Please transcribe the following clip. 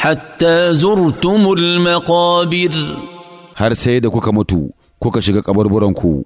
حتى زرتم المقابر هر سيدة كمتو كوكا شغا قبر برنكو